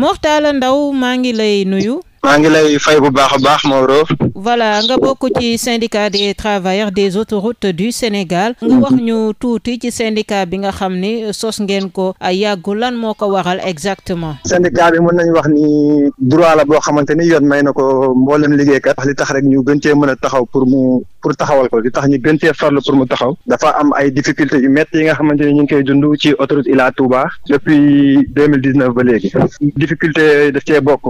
Mor Talla Ndao maa ngi lay nuyu maa ngi lay fay bu baax a baax Maodo. voilà nga bokk ci syndicat des travailleurs des autoroutes du Sénégal. nga wax ñu tuuti ci syndicat bi nga xam ni sos ngeen ko yàggu lan moo ko waral exactement. syndicat bi mën nañu wax ni droit la boo xamante ni yoon may na ko mboolem liggéeykat. li tax rek ñu gën cee mën a taxaw pour mu pour taxawal ko li tax ñu gën cee farlu pour mu taxaw. dafa am ay difficultés yu métti yi nga xamante ni ñu ngi koy dund ci autoroute Ila Touba. depuis deux mille dix neuf ba léegi. difficulté daf cee bokk.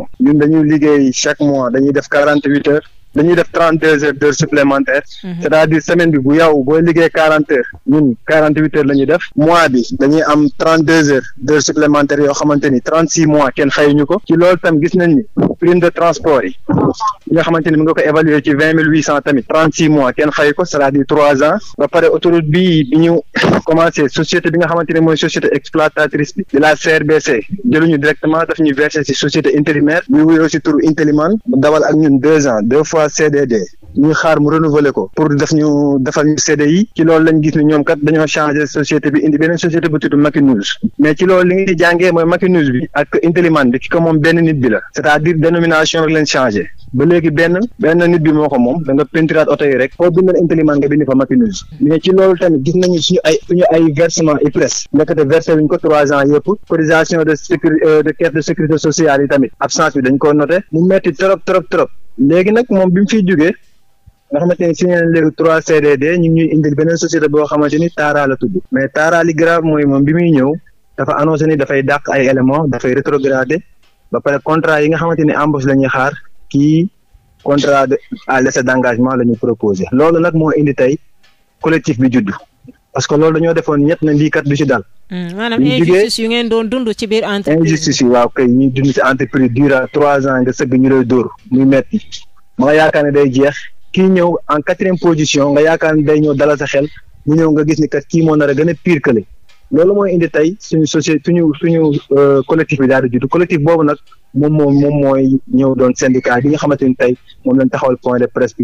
yi mois dañuy def quarante huit heures dañuy def trente deux heures d'heures supplémentaires mhm. c' est à dire semaine bi bu yow booy liggéey quarante heures ñun quarante huit heures la ñuy def mois bi dañuy am trente deux heures d'heures supplémentaires yoo xamante ni trente six mois kenn xayuñu ko ci loolu tam gis nañ ni prime de transport yi nga xamante ni mi nga ko évaluer ci vingt mille huit cent tamit trente six mois kenn xay ko c' à dire trois ans ba pare autoroute bi bi ñu nga xamante ni mooy société exploitatrice bi de la CRBC jëluñu directement daf ñu versé si société intérimaire ñu wuyoo si turu trois CDD ñu xaar mu renouveler ko pour def ñu defal ñu CDI ci loolu lañ gis ne ñoom kat dañoo changer société bi indi beneen société bu tudd Makinews mais ci loolu li nga ci jàngee mooy Makinews bi ak Intelliman bi ki ko moom benn nit bi la c'est-à-dire dénomination rek leen changer ba léegi benn benn nit bi moo ko moom da nga pentiraat oto yi rek foo bindal inteliman nga bind fa matinus mais loolu tamit gis nañu suñu ay suñu ay versement IPRES nekkate versé wuñ ko trois ans yëpp cotisation euh, sécurité de yi tamit absence bi dañ ko noté mu metti trop trop trop léegi nag moom bi mu fiy jógee nga xamante ni signé nañ léegi ñu ngi ñuy indil beneen société boo xamante ni Tara mais Tara li grave mooy moom bi muy ñëw dafa annoncé ni dafay dàq ay éléments dafay rétrogradé ba pare contrat yi nga xamante ni embauche la xaar kii contrat de à l'essai d'engagement lañu ñu proposé loolu nag moo indi tey collectif bi judd parce que loolu dañoo defoon ñett na lii kat du ci dal. Hmm, maanaam injustice yu ngeen doon dund ci biir entreprise. injustice yi waaw kay ñuy dund ci entreprise durant trois ans nga sëgg ñu lay dóor muy metti ma nga yaakaar ne day jeex kii ñëw en quatrième position nga yaakaar ne day ñëw dalal sa xel mu ñëw nga gis ni kat kii moo nar a gën a pire que loolu mooy indi tey suñu société suñu suñu euh, collectif bi daal moom moom moom mooy ñëw doon syndicat bi nga xamante ni tey moom lañ taxawal point de presse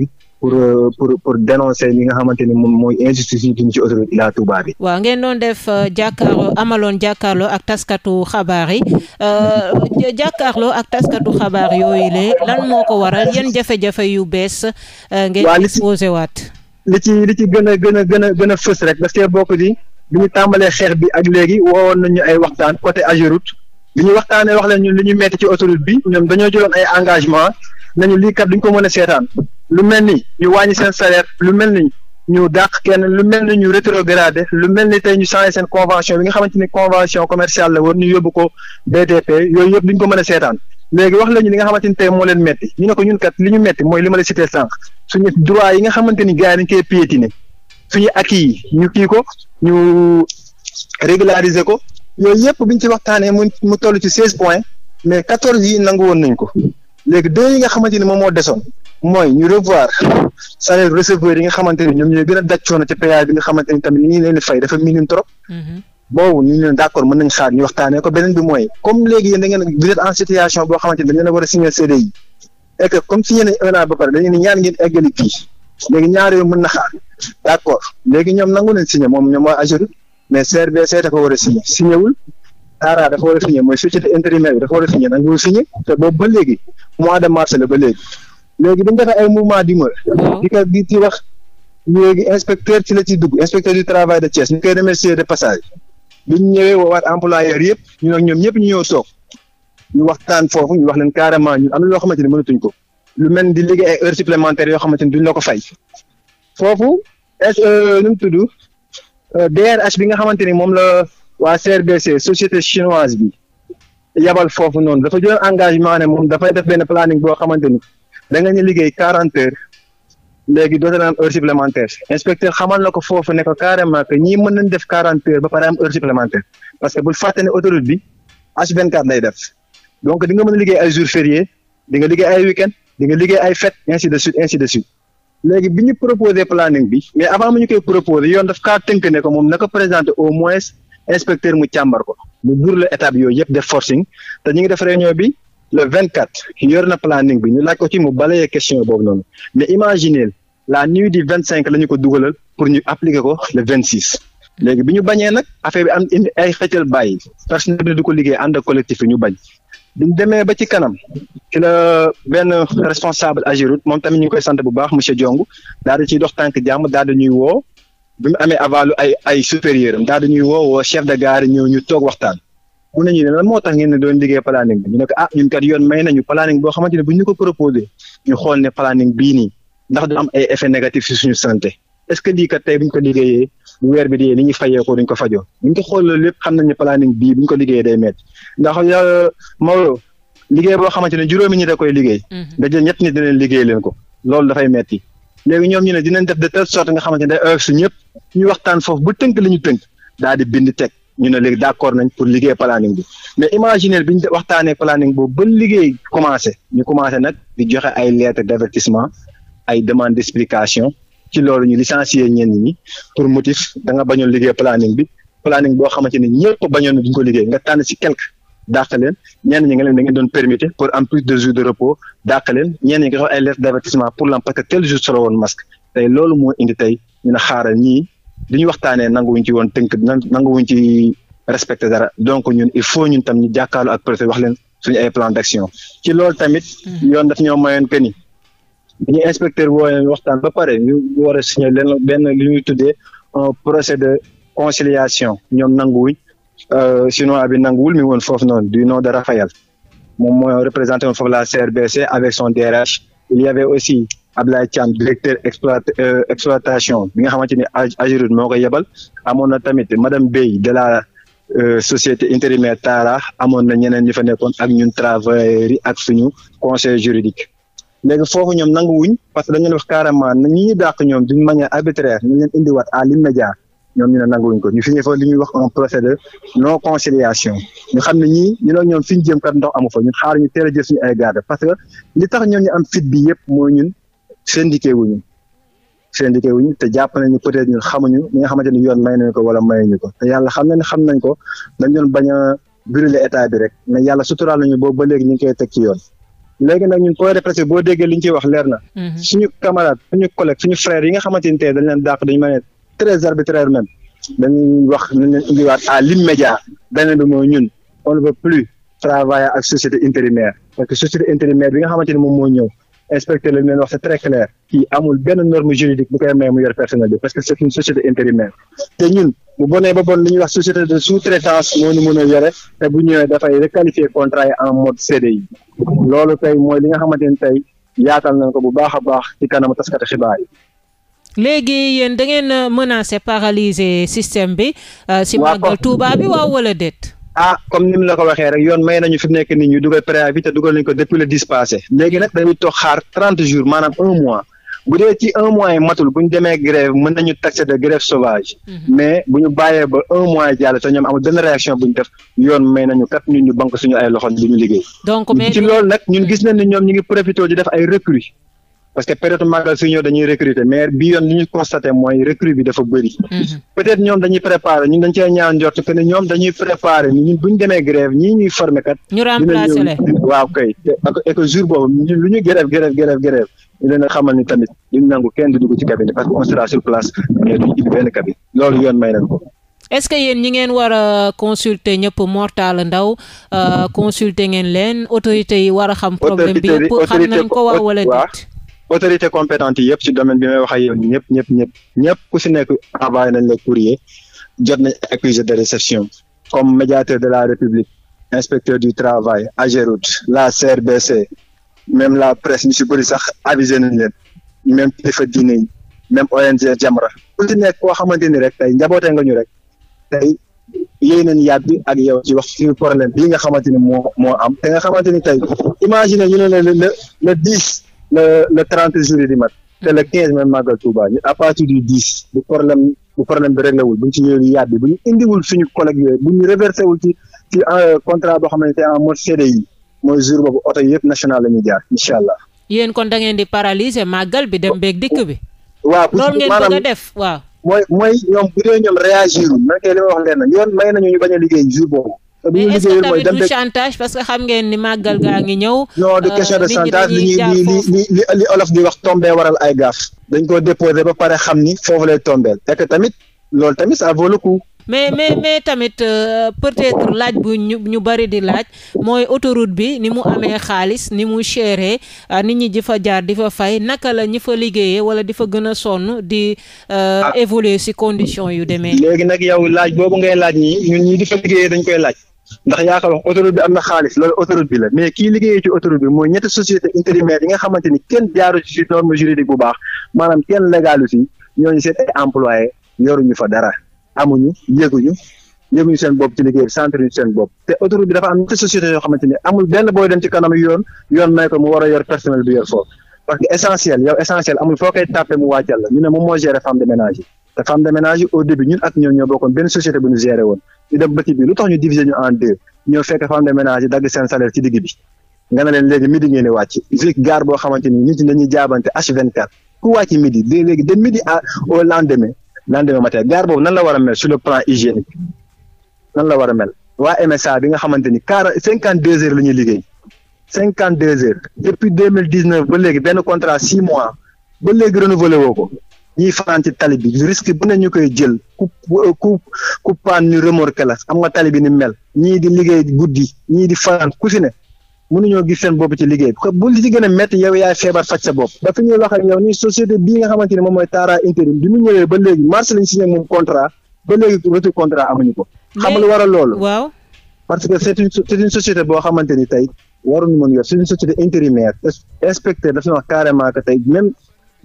pour euh, pour pour dénoncer nga xamante ni moom mooy injustice yi ñu ci autoroute Ila bi. waaw ngeen doon def euh, jàkkaarloo amaloon jàkkaarloo ak taskatu xabaar yi euh, jàkkaarloo ak taskatu xabaar yooyu le lan moo ko waral yan jafe-jafe yu bees. ngeen exposé waat. li ci li ci gën a gën a gën a gën a fës rek parce que bokk di bi ñu tàmbalee xeex bi ak léegi woowoon nañu ay waxtaan côté Ageroute. li ñu waxtaanee wax leen ñu li ñu metti ci autoroute bi ñoom dañoo jëloon ay engagement nañu lii kat duñ ko mën a seetaan lu mel ni ñu wàññi seen salaire lu mel ni ñu dàq kenn lu mel ni ñu rétrogradé lu mel ni tey ñu changé seen convention bi nga xamante ni convention commerciale la woon ñu yóbbu ko BTP yooyu yëpp duñ ko mën a seetaan léegi wax lañu li nga xamante ni tey moo leen metti ñu ne ko ñun kat li ñu metti mooy li ma la cité sànq suñu droit yi nga xamante ni gars yi dañ koy piétiner suñu acquis yi ñu kii ko ñu régulariser ko yooyu yëpp bi ñu ci waxtaanee mu mu toll ci seize points mais quatorze yi nangu woon nañ ko léegi deux yi nga xamante ni moom moo desoon mooy ñu revoir salaire receveur yi nga xamante ni ñoom ñooy gën a daj coono ci péage ñu leen di mm-hmm. waxtaanee ko beneen bi mooy comme léegi en situation boo xamante ni dañ leen a e ne ñaan ngeen eggali kii léegi ñaar yooyu mën na xaar ñoom nangu leen mais CRBC dafa war a signé signé wul ARA dafa war a signé mooy société intérimaire bi dafa war a signé nag ñu signé te boobu ba léegi mois de mars la ba léegi léegi dañ defee ay mouvement d'humeur di ko di ci wax léegi inspecteur ci la ci dugg inspecteur du travail de Thiès ñu koy remercier de passage bi ñëwee woowaat employeur yëpp ñu ak ñoom ñëpp ñu ñëw toog ñu waxtaan foofu ñu wax leen carrément ñu am na loo xamante ni mënatuñ ko lu mel di liggéey ay heures supplémentaires yoo xamante ni duñ ko fay DRH euh, bi nga xamante ni moom la waa CRBC société chinoise bi yabal foofu noonu dafa jël engagement ne moom dafay def benn planning boo xamante ni da nga ñu liggéey quarante heures léegi doote na am heure supplémentaire inspecteur xamal na ko foofu nekk ko carrément que ñii mën nañ def quarante heures ba pare heure supplémentaire parce que bu fàtte ne autoroute bi H24 lay def donc di nga mën a liggéey ay jours fériés di nga liggéey ay week-end di nga liggéey ay fête ainsi de suite léegi bi ñu proposé planning bi mais avant mu ñu koy proposé yoon daf kaa tënk ne ko moom na ko présenté au moins inspecteur mu càmbar ko mu dur la étape yooyu yëpp def forcing te ñu ngi def réunion bi le 24 yor na planning bi ñu laaj ko ci mu balee question boobu noonu mais imaginez la nuit du 25 la ñu ko dugalal pour ñu appliquer ko le 26. léegi bi ñu bañee nag affaire bi am indi ay xëccal bàyyi personnel bi du ko liggéey ànd ak collectif yi bañ biñ demee ba ci kanam ci la benn responsable Ageroute moom tamit ñu koy sant bu baax monsieur jong daal di ciy dox tànk jàmm daal di ñuy woo bi mu amee avalu ay ay supérieur am ñuy woo woo chef de gare ñëw ñu toog waxtaan. mun nañu ne lan moo tax ngeen ne doon liggéey planning bi ñu ne ko ah ñun kat yoon may nañu planning boo xamante ne bu ñu ko proposé ñu xool ne planning bii nii ndax du am ay effet négatif si suñu santé est ce que lii kat tey bu ñu ko liggéeyee bu weer bi dee li ñuy fayee ko duñ ko fajoo buñ ko xool xoolee lépp xam nañ ne planning bii buñ ko liggéeyee day métti ndax euh, Maodo liggéey boo xamante ne juróomi ñi da koy liggéey. nga mhm. jël ñett nit leen liggéey leen ko loolu dafay metti léegi ñoom ñu ne dinañ def de telle sorte nga xamante ne day oyof si ñëpp ñu waxtaan foofu bu tënk li ñu tënk daal di bind teg ñu ne léegi d' accord nañ pour liggéey planning bi mais imaginer bi ñu waxtaanee planning boobu ba liggéey commencé ñu commencé nag joxe ay lettre d' avertissement ay demande d' ci loolu ñu licencier ñenn ñi pour motif da nga bañoon liggéey planning bi planning boo xamante ni ñëpp bañoon duñ ko liggéey nga tànn ci quelque dàq leen ñenn ñi nga leen da ngeen doon permettre pour en plus de jours de repos dàq ñenn ñi nga ay lettre d'avertissement pour lan parce que tel jour solo woon masque tey loolu moo indi tey ñu ne xaaral ñii li ñu waxtaanee nanguwuñ ci woon tënk nanguwuñ ci respecté dara donc ñun il faut ñun tam ñu jàkkaarloo ak préfet wax leen suñu bi ñu inspecteur bi wooyee waxtaan ba pare ñu war a signé benn li ñuy tuddee un procès de conciliation ñoom nanguwuñ euh, chinois bi nanguwul mi woon foofu noonu du nom de Raphaël moom mooy représenté woon foofu la CRBC avec son DRH il y avait aussi Ablaye Thiam directeur exploit euh, exploitation bi nga xamante ni Ageroute ko yebal amoon na tamit madame Bey de la euh, société intérimaire Tara amoon na ñeneen ñi fa nekkoon ak ñun travailleurs ak suñu conseil juridique léegi foofu ñoom nangu parce que dañu wax carrément ñi ñu dàq ñoom d'une manière arbitraire ñu leen indiwaat à l'immédiat ñoom ñu ne nanguwuñ ko ñu fi ñu fa li ñuy wax un procès de conciliation ñu xam ne ñi ñu ne ñoom fi ñu jëm kat ndox amu fa ñun xaar ñu teel a jël suñu ay garde parce que li tax ñoom ñu am fit bi yëpp mooy ñun syndiqué wuñu syndiqué wuñu te jàpp nañu peut ñun xamuñu li nga xamante ni yoon may nañu ko wala mayuñu ko te yàlla xam nañ xam nañ ko dañ doon bañ a brûler bi rek mais yàlla suturaal nañu boobu ba léegi ñu ngi koy teg ci yoon léegi nag ñun point de presse boo déggee li ñu wax leer na. Mhm. suñu camarade suñu collègue suñu frère yi nga xamante ni dañ leen dàq dañu mën a très arbitraire même dañuy wax dañ leen indiwaat à l'immédiat beneen bi mooy ñun o ne veut plus travailler ak société intérimaire parce que société intérimaire bi nga xamante ni moom moo ñëw. inspecteur lañ leen wax c'est très clair kii amul benn norme juridique bu koy may mu yor personnel bi parce que c'est une société intérimaire te ñun bu bonee ba bon li ñuy wax société de sous-traitance moo ñu mën a yore te bu ñëwee dafay requalifier contrat yi en mode CDI loolu tey mooy li nga xamante ni tey yaatal nañ ko bu baax a baax ci kanam taskati xibaar yi. léegi yéen da ngeen menacer paralyser système bi. Euh, si màggal Touba bi waaw wala déet. ah comme ni mu la ko waxee rek yoon may nañu fi mu nekk nit ñu dugal préavis te dugal nañu ko depuis le 10 léegi nag dañuy toog xaar 30 jours maanaam un mois bu dee ci un mois yi matul bu ñu demee grève mën nañu taxé de grève sauvage mhm. mais bu ñu bàyyee ba un mois jàll te amul benn réaction bu ñu def yoon may nañu kat ñun ñu banque suñu ay loxo li liggéey. donc mais ñun gis nañ ne ñoom ñu ngi profité di def ay recrues. parce que période magal su ñëw dañuy recruter mais bi yoon li ñu constaté mooy recrue bi dafa bëri. Mhm. peut ñoom dañuy préparer ñun dañ cee ñaan njort que dañuy préparer ñun ñu demee grève ñuy former kat. ñu remplacer leen waaw xamal ni tamit duñ nangu kenn du dugg ci cabinet parce que on sur place mais duñ ubbi benn cabinet loolu yoon may nañ ko. est-ce que yéen ñi ngeen war a consulter ñëpp Mortalla Ndao euh, consulter ngeen leen autorités yi war a xam. problème bi yëpp xam nañ ko autorité compétente yi yëpp ci domaine bi may wax ak yow ñëpp ñëpp ñëpp ñëpp ku si nekk envoyé nañ la courrier jot nañ accusé de réception comme médiateur de la République inspecteur du travail Ageroute la CRBC même la presse ñu si bëri sax avisé nañ leen même kilifa diine yi même ONG Jamra ku si nekk koo xamante ni rek tey njabootee nga ñu rek tey yéy nañ yàgg bi ak yow ci wax suñu problème bii nga xamante ni moo moo am te nga xamante ni tey imagine ñu ne le le le dix le le trente juillet di mat te le quinze même màggal Touba ñu à partir du dix bu problème bu problème bi réglé wul ñu ci yooyu yàbbi bu indiwul suñu collègue yooyu bu ñu reversé wul ci ci euh, contrat boo xam ne en mode CDI mooy jour boobu oto yëpp national la ñuy jaar incha allah. yéen kon da ngeen di paralyser màggal bi dem beeg dikk bi. waaw loolu ngeen bëgg a def waaw. mooy mooy ñoom bu dee ñoom réagir wu. man kay li wax leen yoon may nañu ñu bañ a liggéey jour boobu. Euh, bu ñu liggéeyul mooy chantage parce que xam ngeen ni màggal gaa ngi ñëw. non du euh, question de li olof di wax tombee waral ay gaaf. dañ ko déposé ba pare xam ni foofu lay tombeel et que tamit loolu tamit ça vaut le coup. mais mais mais tamit euh, peut-être laaj bu ñu ñu bari di laaj mooy autoroute bi ni mu amee xaalis ni mu chéré euh, nit ñi di fa jaar di fa fay naka la ñi fa liggéeyee wala di fa gën a sonn di euh, ah. évoluer ci conditions yu demee. léegi nag yow laaj boobu ngay laaj ñi ñun ñi di dañ koy laaj. ndax yaakaar wax autoroute bi am na xaalis loolu autoroute bi la mais kii liggéeyee ci autoroute bi mooy ñetti société intérimaire yi nga xamante ni kenn jaaru ci norme juridique bu baax maanaam kenn légalu si ñooñu seen ay employé yoruñu fa dara amuñu yëguñu yëguñu seen bopp ci liggéey bi centre ñu seen bopp te autoroute bi dafa am ñetti société yoo xamante ni amul benn booy dem ci kanam yoon yoon may ko mu war a yor personnel bi yor foofu parce que essentiel yow essentiel amul foo koy tàppe mu wàccal la ñu ne moom moo gérer femme de ménage te femme de ménage yi au ñun ak ñoom ñoo bokkoon benn société bu ñu gérer woon ñu dem bëti bi lu tax ñu diviser ñu en deux ñoo fekk femme de ménage dagg seen ci digg bi nga ne leen léegi midi ngeen wàcc gaar boo xamante ni nit ñi dañuy jaabante H24 ku wàcc midi de léegi de midi à au lendemain lendemain matin gaar boobu nan la war a mel sur le plan hygiénique la war a mel waa MSA bi nga xamante ni quarante cinquante deux heures la ñuy liggéey cinquante deux heures depuis deux mille dix neuf ba léegi benn contrat six mois ba léegi renouvelé woo ko ñuy fanaan ci tali bi risque bu ne ñu koy jël ku ku ku paan ñu remorqué la am nga tali bi ni mel ñii di liggéey guddi ñii di fanaan ku si ne mënuñoo gis seen bopp ci liggéey bi bu li ci gën a métti yow yaay feebar faj sa bopp ba ñuy wax ak ni société bii nga xamante ne moom mooy Tara Intérim bi mu ñëwee ba léegi mars lañ signé moom contrat ba léegi retour contrat amuñu ko. que c'est une c'est une boo xamante ni tey waruñu mën yor suñu société intérimaire inspecteur dafa wax carrément que tey même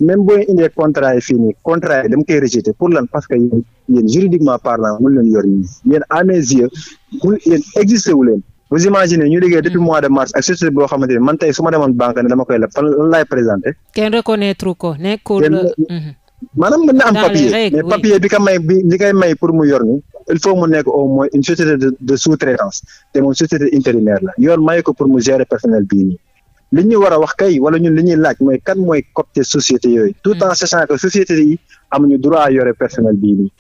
même booy indee contrat yi fii nii contrat yi dama koy rejeté pour lan parce que yéen yéen juridiquement parlant mën leen yor ñi yéen à mes yeux mu wu leen vous imaginez ñu liggéey depuis mois de mars ak société boo xamante ni man tey su ma demoon banque ne dama koy leb laay présenté. kenn reconnaître ko nekkul. maanaam mën na am papier mais papier bi ka may may pour mu yor ni il faut mu nekk au moins une société de de sous-traitance te moom société intérimaire la yoon may ko pour mu gérer personnel bii nii li ñu a wax kay wala ñun li ñuy laaj mooy kan mooy copte société yooyu tout en hmm. sachant que société yi amuñu droit yore personnel bii nii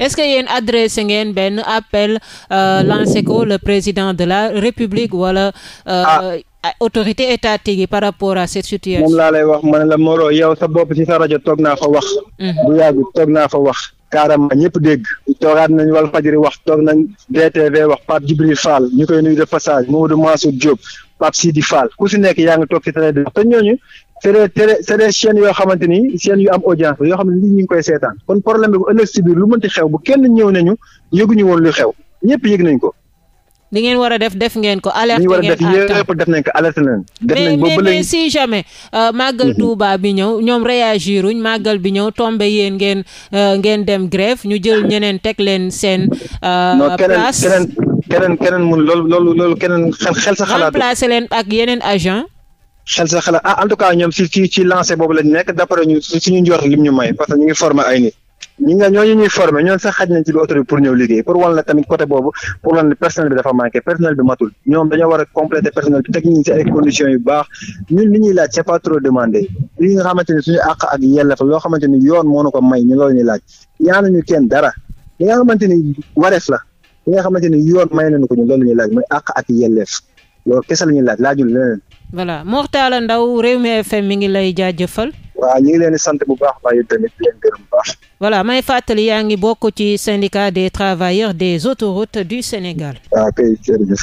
est-ce que yéen adressé ngeen benn appel euh, lancé le président de la république wala euh, ah. euh, autorité étatique yi par rapport à cette situation. moom laa lay wax ma ne la Moro yow sa bopp ci sa rajo toog naa fa wax. Mhm. bu yàgg toog naa fa wax. carrément ñëpp dégg toogaat nañu wal fajiri wax toog nañ DTV wax Pape Djibril Fall ñu koy nuyu de passage Mamadou Mansour Diop Pape Sidi Fall ku si nekk yaa ngi toog ci télé di wax te ñooñu c'est des c'est yoo xamante ni chaînes yu am audience yoo xam ne ñu ngi koy seetaan kon problème bi bu ëllëg si biir lu mënti xew bu kenn ñëw nañu yëguñu woon lu xew ñëpp yëg nañ ko di ngeen war a def def ngeen ko. alerte ngeen à temps def nañ ko alerte nañ. def nañ boobu mais mais si jamais. Euh, màggal mm-hmm. Touba bi ñëw ñoom réagiruñ màggal bi ñëw tombe yéen ngeen euh, ngeen dem grève ñu jël ñeneen teg leen seen. Euh, place keneen keneen keneen mun lool loolu loolu keneen xel xel sa xalaat. remplacé leen ak yeneen agent xel sa xalaat ah en tout cas ñoom ci ci lancé boobu lañ nekk d'après ñu suñu njort lim ñu may parce que ñu ngi former ay nit. ñi nga ñooñu ñuy ñoom sax xaj nañ ci bi autorité pour ñëw liggéey pour wan la tamit côté boobu pour wan la personnel bi dafa manqué personnel bi matul ñoom dañoo war a complété personnel bi teg ñu ci xamante ni suñu àq ak yelleef loo xamante ni yoon moo nu ko may ñu loolu ñuy laaj ñaanuñu kenn dara li nga xamante ni wareef la li nga xamante ni yoon may nañu ko ñu loolu ñuy laaj mooy àq ak yelleef loolu kese la ñuy laaj laajul leneen. voilà Mor Talla Ndao waaw ñu ngi leen di sant bu baax waaye tamit di leen gërëm bu baax. voilà may fàttali yaa ngi bokk ci syndicat des travailleurs des autoroutes du Sénégal. waaw ah, kay jërëjëf.